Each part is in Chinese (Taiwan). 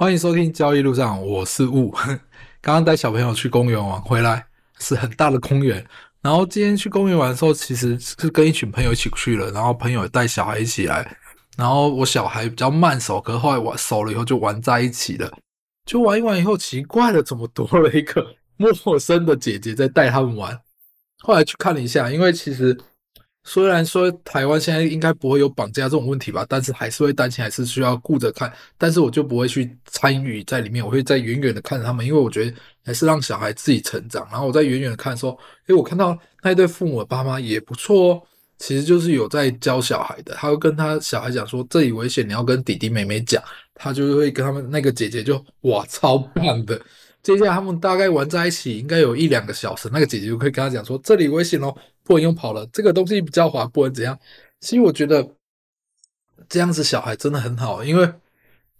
歡迎收聽交易路上，我是霧。剛剛帶小朋友去公園玩，回來是很大的公園。然後今天去公園玩的時候，其實是跟一群朋友一起去了，然後朋友帶小孩一起來，然後我小孩比較慢熟，可是後來玩熟了以後就玩在一起了，就玩一玩以後，奇怪了，怎麼多了一個陌生的姐姐在帶他們玩？後來去看了一下，因為其實。雖然說台灣現在應該不會有綁架這種問題吧，但是還是會擔心，還是需要顧着看。但是我就不會去參與在裡面，我會在遠遠的看着他們，因為我覺得還是讓小孩自己成長，然後我在遠遠的看的時候，說，哎，我看到那一對父母的爸媽也不錯哦，其實就是有在教小孩的，他會跟他小孩講說這裡危險，你要跟弟弟妹妹講，他就會跟他們那個姐姐就，哇，超棒的。接下來他們大概玩在一起，應該有一兩個小時。那個姐姐就會跟他講說：“這裡危險哦，不能用跑了。這個東西比較滑，不能怎樣。”其實我覺得這樣子小孩真的很好，因為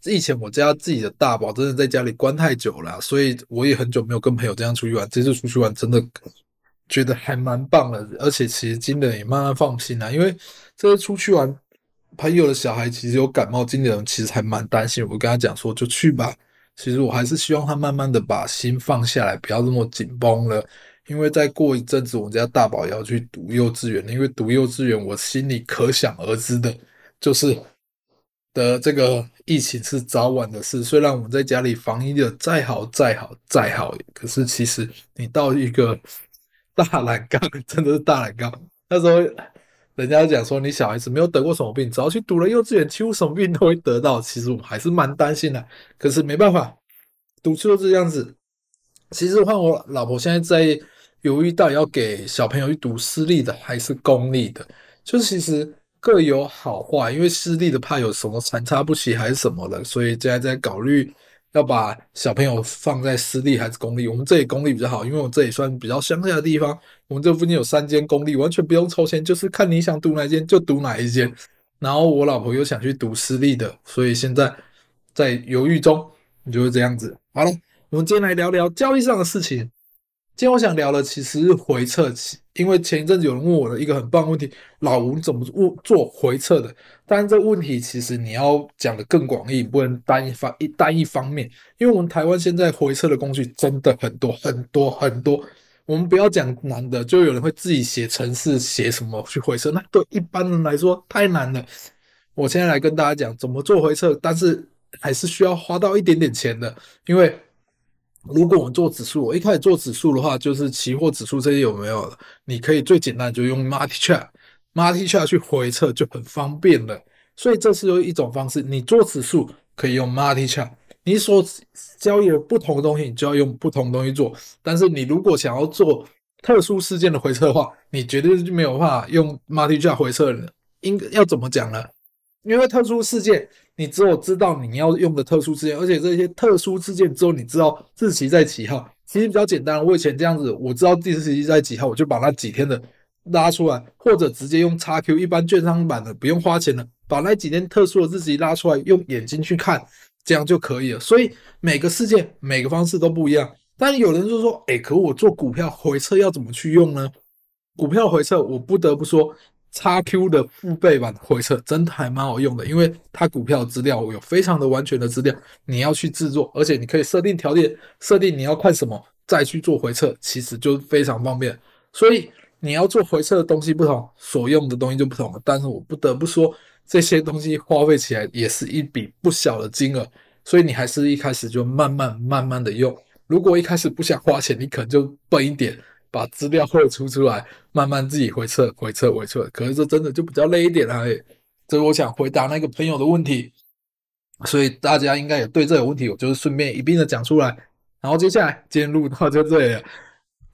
以前我家自己的大寶真的在家裡關太久了，啊，所以我也很久沒有跟朋友這樣出去玩。這次出去玩真的覺得還蠻棒的，而且其實今年也慢慢放心了，啊，因為這次出去玩朋友的小孩，其實有感冒經，今年其實還蠻擔心。我跟他講說：“就去吧。”其實我還是希望他慢慢的把心放下來，不要這麼緊繃了。因為再過一陣子，我們家大寶也要去讀幼稚園了。因為讀幼稚園，我心裡可想而知的，就是的這個疫情是早晚的事。雖然我們在家裡防疫的再好、再好、再好，可是其實你到一個大染缸，真的是大染缸。那時候。人家講說，你小孩子沒有得過什麼病，只要去讀了幼稚園，幾乎什麼病都會得到。其實我還是蠻擔心的，可是沒辦法，讀出了這樣子。其實換我,我老婆現在在猶豫，到底要給小朋友去讀私立的還是公立的？就是其實各有好壞，因為私立的怕有什麼參差不齊還是什麼的，所以現在在考慮。要把小朋友放在私立還是公立？我們這裡公立比較好，因為我這裡算比較鄉下的地方。我們這附近有三間公立，完全不用抽籤，就是看你想讀哪間就讀哪一間。然後我老婆又想去讀私立的，所以現在在猶豫中。你就會、是、這樣子。好了，我們今天來聊聊交易上的事情。今天我想聊的其實是回測，因為前一陣子有人問我的一個很棒的問題：老吳怎麼做做回測的？但是這問題其實你要講得更廣義，不能單一方一單一方面，因為我們台灣現在回測的工具真的很多很多很多。我們不要講難的，就有人會自己寫程式寫什麼去回測，那對一般人來說太難了。我現在來跟大家講怎麼做回測，但是還是需要花到一點點錢的，因為。如果我們做指數，我一開始做指數的話，就是期貨指數這些有沒有了？你可以最簡單就用 MultiCharts，MultiCharts 去回測就很方便了。所以這是有一種方式，你做指數可以用 MultiCharts，你所交易的不同的東西，你就要用不同的東西做。但是你如果想要做特殊事件的回測的話，你絕對是沒有辦法用 MultiCharts 回測的，應該要怎麼講呢？因為特殊事件，你只有知道你要用的特殊事件，而且這些特殊事件之後，你知道日期在幾號，其實比較簡單。我以前這樣子，我知道日期在幾號，我就把那幾天的拉出來，或者直接用 XQ 一般券商版的，不用花錢的，把那幾天特殊的日期拉出來，用眼睛去看，這樣就可以了。所以每個事件每個方式都不一樣。但有人就說：“哎，可我做股票回測要怎麼去用呢？”股票回測，我不得不說。叉 Q 的付費版回測真的還蠻好用的，因為它股票資料有非常的完全的資料，你要去制作，而且你可以設定條件，設定你要看什麼再去做回測，其實就非常方便。所以你要做回測的東西不同，所用的東西就不同了。但是我不得不說，這些東西花費起來也是一筆不小的金額，所以你還是一開始就慢慢慢慢的用。如果一開始不想花錢，你可能就笨一點。把資料匯出出來，慢慢自己回測、回測、回測，可是這真的就比較累一點啦、欸。所以我想回答那個朋友的問題，所以大家應該也對這有問題，我就是順便一並的講出來。然後接下來今天錄到就這裡了，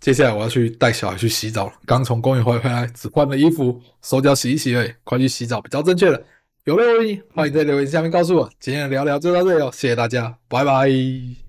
接下來我要去帶小孩去洗澡，剛從公園回，回來，只換了衣服，手腳洗一洗誒，快去洗澡比較正確了。有沒有，歡迎在留言下面告訴我，今天的聊聊就到這裡哦，謝謝大家，拜拜。